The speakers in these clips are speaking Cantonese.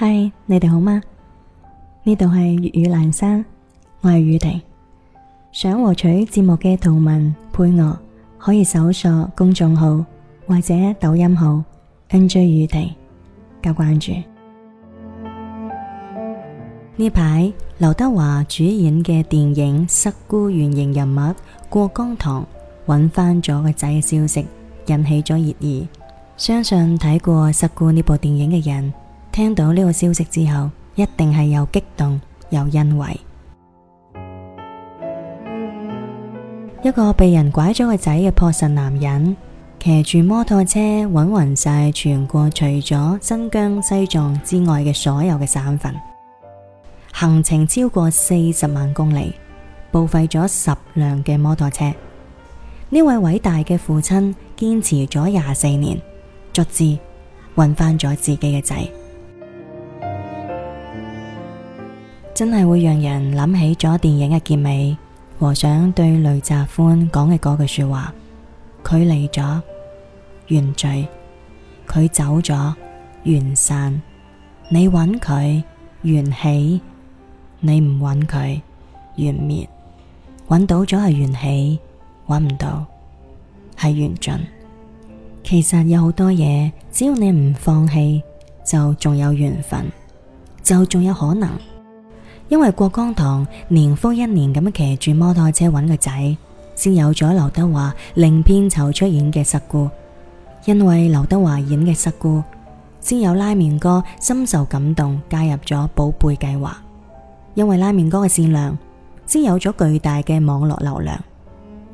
嗨，Hi，你哋好嗎？呢度係粵語闌珊，我係宇婷。想獲取節目嘅圖文配樂，可以搜索公眾號或者抖音號 NJ 宇婷加關注。呢排劉德華主演嘅電影《失孤》原型人物郭剛堂揾翻咗個仔嘅消息，引起咗熱議。相信睇過《失孤》呢部電影嘅人，聽到呢個消息之後，一定係又激動又欣慰。 一個被人拐咗個仔嘅樸實男人，騎住摩托車搵匀晒全國，除咗新疆、西藏之外嘅所有嘅省份，行程超過四十萬公里，報廢咗十輛嘅摩托車。呢位偉大嘅父親堅持咗廿四年，卒之搵翻咗自己嘅仔。真係會讓人諗起咗電影嘅結尾，和尚對雷澤寬講嘅嗰句說話：佢嚟咗，緣聚；佢走咗，緣散。你揾佢，緣起；你唔揾佢，緣滅。揾到咗係緣起，揾唔到係緣盡。其實有好多嘢，只要你唔放棄，就仲有緣分，就仲有可能。因為郭剛堂年復一年咁樣騎住摩托車揾個仔，先有咗劉德華零片酬出演嘅失孤。因為劉德華演嘅失孤，先有拉麵哥深受感動加入咗寶貝計劃。因為拉麵哥嘅善良，先有咗巨大嘅網絡流量。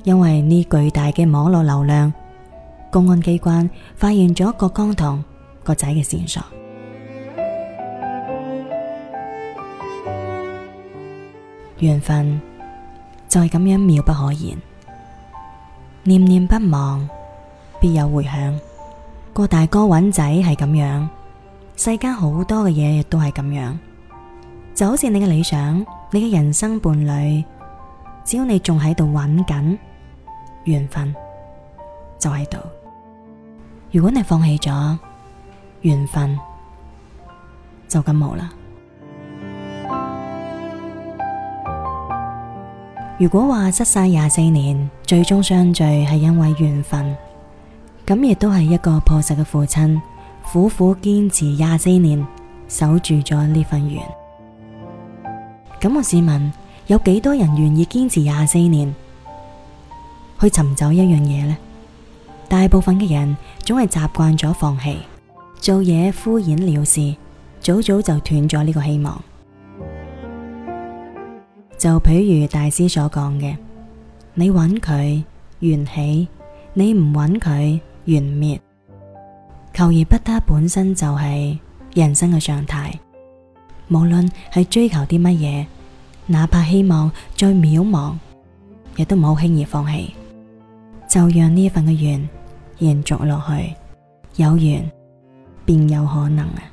因為呢巨大嘅網絡流量，公安機關發現咗郭剛堂個仔嘅線索。緣分就係咁樣妙不可言，念念不忘，必有回響。郭大哥揾仔係咁樣，世間好多嘅嘢亦都係咁樣。就好似你嘅理想，你嘅人生伴侶，只要你仲喺度揾緊，緣分就喺度。如果你放棄咗，緣分就咁冇啦。如果話失散廿四年，最終相聚係因為緣分，咁亦都係一個樸實嘅父親，苦苦堅持廿四年，守住咗呢份緣。咁我試問，有幾多人願意堅持廿四年，去尋找一樣嘢呢？大部分嘅人總係習慣咗放棄，做嘢敷衍了事，早早就斷咗呢個希望。就譬如大師所講嘅，你揾佢緣起，你唔揾佢緣滅，求而不得本身就係人生嘅常態。無論係追求啲乜嘢，哪怕希望再渺茫，亦都唔好輕易放棄，就讓呢份嘅緣延續落去。有緣便有可能啊！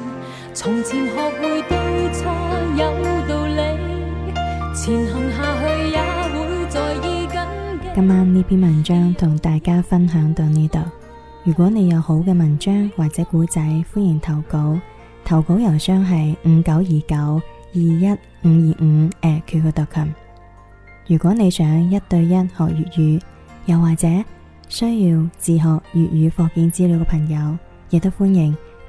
從前前有道理，前行下去也會在意。今晚呢篇文章同大家分享到呢度。如果你有好嘅文章或者古仔，歡迎投稿。投稿郵箱係五九二九二一五二五 a t q q c 如果你想一對一學粵語，又或者需要自學粵語課件資料嘅朋友，亦都歡迎。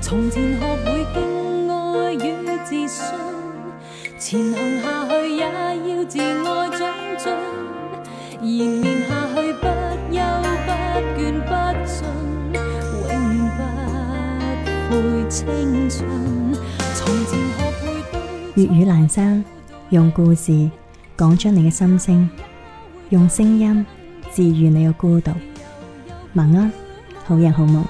從前學會敬愛與自信，前行下去也要自愛長進延綿下去不憂不倦不盡，永不會青春。從前學會對粵語闌珊，用故事講出你嘅心聲，用聲音治愈你嘅孤獨。晚安、啊，好人好夢。